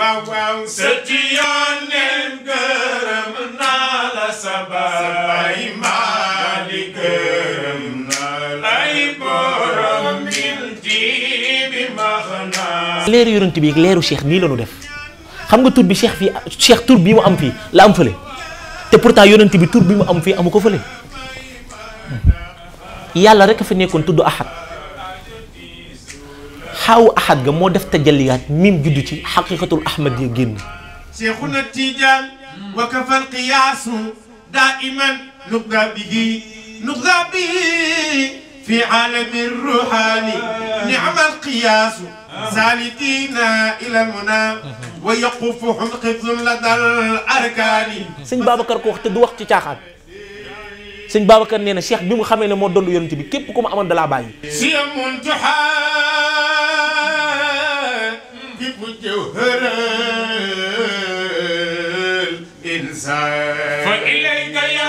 waaw waaw sëti yónneen gërëm naa la sa baay maali gërëm naa la ay borom bi bi max naa leeru yonent bi ak leeru cheikh nii la ñu def xam nga tur bi cheikh fii cheikh tur bi mu am fii la am fële te pourtant yonent bi tur bi mu am fii amu ko fële yàlla rek a fi nekkoon tudd ahad xaawu axad ga moo def tajalliyaat mim juddu ci xaqiqatul ahmad ya génn cheikhuna tijan wa kafa alqiyaasu daiman nuqda bihi nuqda bihi في salitina الروحاني نعم القياس سالكين الى المنى ويقفهم حفظ لدى الاركان سيغ بابكر كو وخت دو وخت تياخات سيغ بابكر نينا شيخ بيمو خامي ne moo doon yonent bi képp ku ma amoon da laa bàyyi جوهر الإنسان فإليك يا